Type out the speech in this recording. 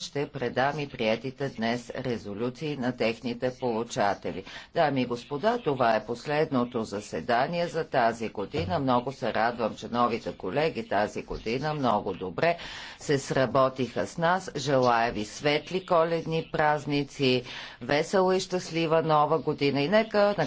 ще предам и приятите днес резолюции на техните получатели. Дами и господа, това е последното заседание за тази година. Много се радвам, че новите колеги тази година много добре се сработиха с нас. Желая ви светли коледни празници, весела и щастлива нова година и нека накрая